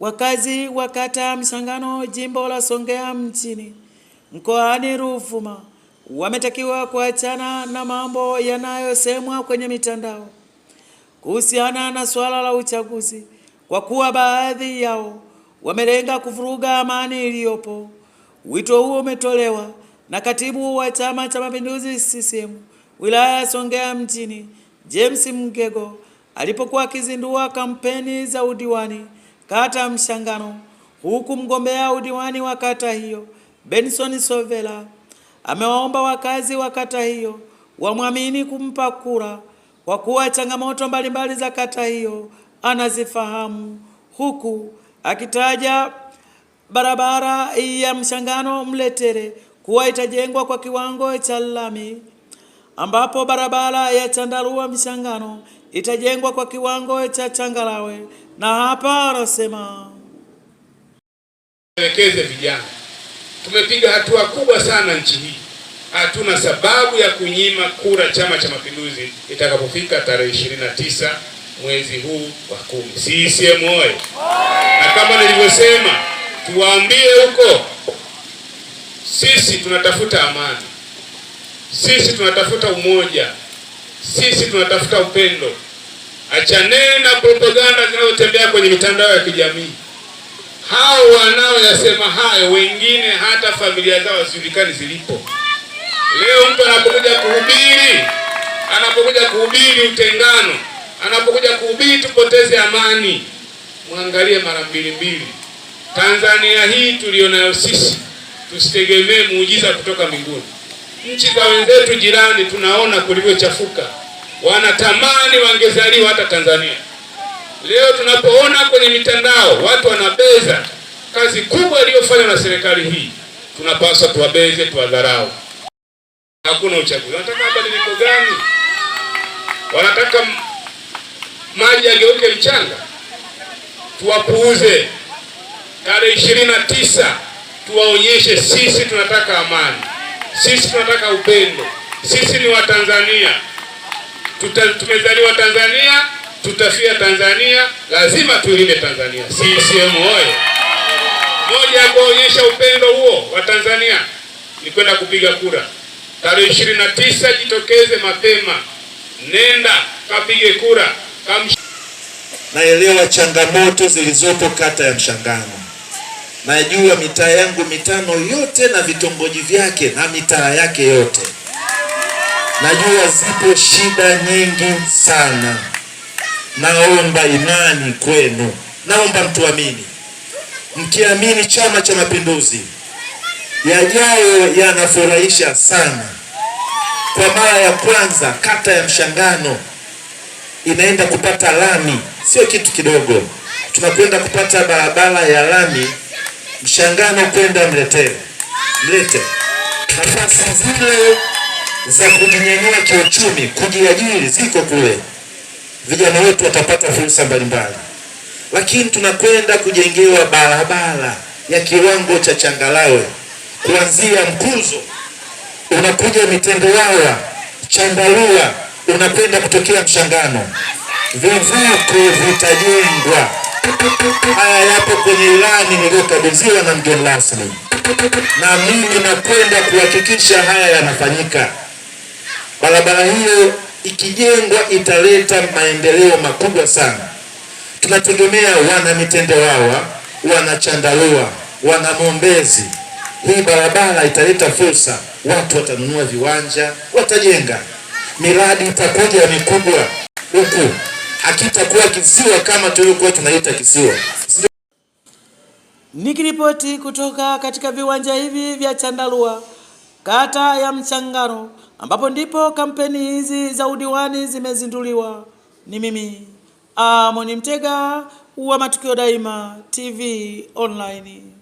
Wakazi wa kata Mshangano, jimbo la Songea mjini, mkoani Ruvuma, wametakiwa kuachana na mambo yanayosemwa kwenye mitandao kuhusiana na suala la uchaguzi, kwa kuwa baadhi yao wamelenga kuvuruga amani iliyopo. Wito huo umetolewa na katibu wa Chama cha Mapinduzi CCM wilaya ya Songea mjini James Mgego alipokuwa akizindua kampeni za udiwani kata ya Mshangano, huku mgombea udiwani wa kata hiyo Benson Sovela amewaomba wakazi wa kata hiyo wamwamini kumpa kura kwa kuwa changamoto mbalimbali za kata hiyo anazifahamu, huku akitaja barabara ya Mshangano Mletere kuwa itajengwa kwa kiwango cha lami, ambapo barabara ya Chandarua Mshangano itajengwa kwa kiwango cha changarawe na hapa anasema elekeze vijana. Tumepiga hatua kubwa sana nchi hii, hatuna sababu ya kunyima kura Chama cha Mapinduzi itakapofika tarehe 29 mwezi huu wa kumi. CCM oyee! Na kama nilivyosema, tuwaambie huko, sisi tunatafuta amani, sisi tunatafuta umoja, sisi tunatafuta upendo. Achaneni na propaganda zinazotembea kwenye mitandao ya kijamii. Hao wanaoyasema hayo, wengine hata familia zao hazijulikani zilipo. Leo mtu anapokuja kuhubiri, anapokuja kuhubiri utengano, anapokuja kuhubiri tupoteze amani, mwangalie mara mbili mbili. Tanzania hii tuliyonayo sisi, tusitegemee muujiza kutoka mbinguni. Nchi za wenzetu jirani tunaona kulivyochafuka wanatamani wangezaliwa hata Tanzania. Leo tunapoona kwenye mitandao watu wanabeza kazi kubwa iliyofanywa na serikali hii, tunapaswa tuwabeze, tuwadharau. Hakuna uchaguzi. Wanataka mabadiliko gani? Wanataka maji yageuke mchanga? Tuwapuuze. Tarehe ishirini na tisa tuwaonyeshe sisi tunataka amani, sisi tunataka upendo, sisi ni Watanzania tuta, tumezaliwa Tanzania, tutafia Tanzania, lazima tulinde Tanzania. CCM oye! Moja ya kuonyesha upendo huo wa Tanzania ni kwenda kupiga kura tarehe 29 Jitokeze mapema, nenda kapige kura. Naelewa changamoto zilizopo kata ya Mshangano, najua mitaa yangu mitano yote na vitongoji vyake na mitaa yake yote Najua zipo shida nyingi sana, naomba imani kwenu, naomba mtuamini. Mkiamini Chama cha Mapinduzi, yajayo yanafurahisha sana. Kwa mara ya kwanza kata ya Mshangano inaenda kupata lami, sio kitu kidogo. Tunakwenda kupata barabara ya lami Mshangano kwenda Mletele, Mlete nafasi zile za kujinyanyua kiuchumi, kujiajiri ziko kule, vijana wetu watapata fursa mbalimbali, lakini tunakwenda kujengewa barabara ya kiwango cha changalawe kuanzia Mkuzo unakuja Mitendewawa, Chandarua unakwenda kutokea Mshangano. Vivuko vitajengwa. Haya yapo kwenye ilani niliyokabidhiwa na mgeni rasmi, na mimi nakwenda kuhakikisha haya yanafanyika. Barabara hiyo ikijengwa italeta maendeleo makubwa sana. Tunategemea wana Mitendewawa, wana Chandarua, wana Mombezi, hii barabara italeta fursa, watu watanunua viwanja, watajenga, miradi itakuja mikubwa huku, hakitakuwa kisiwa kama tulivyokuwa tunaita kisiwa. Nikiripoti kutoka katika viwanja hivi vya Chandarua kata ya Mchangano, ambapo ndipo kampeni hizi za udiwani zimezinduliwa. Ni mimi Amoni Mtega wa Matukio Daima TV Online.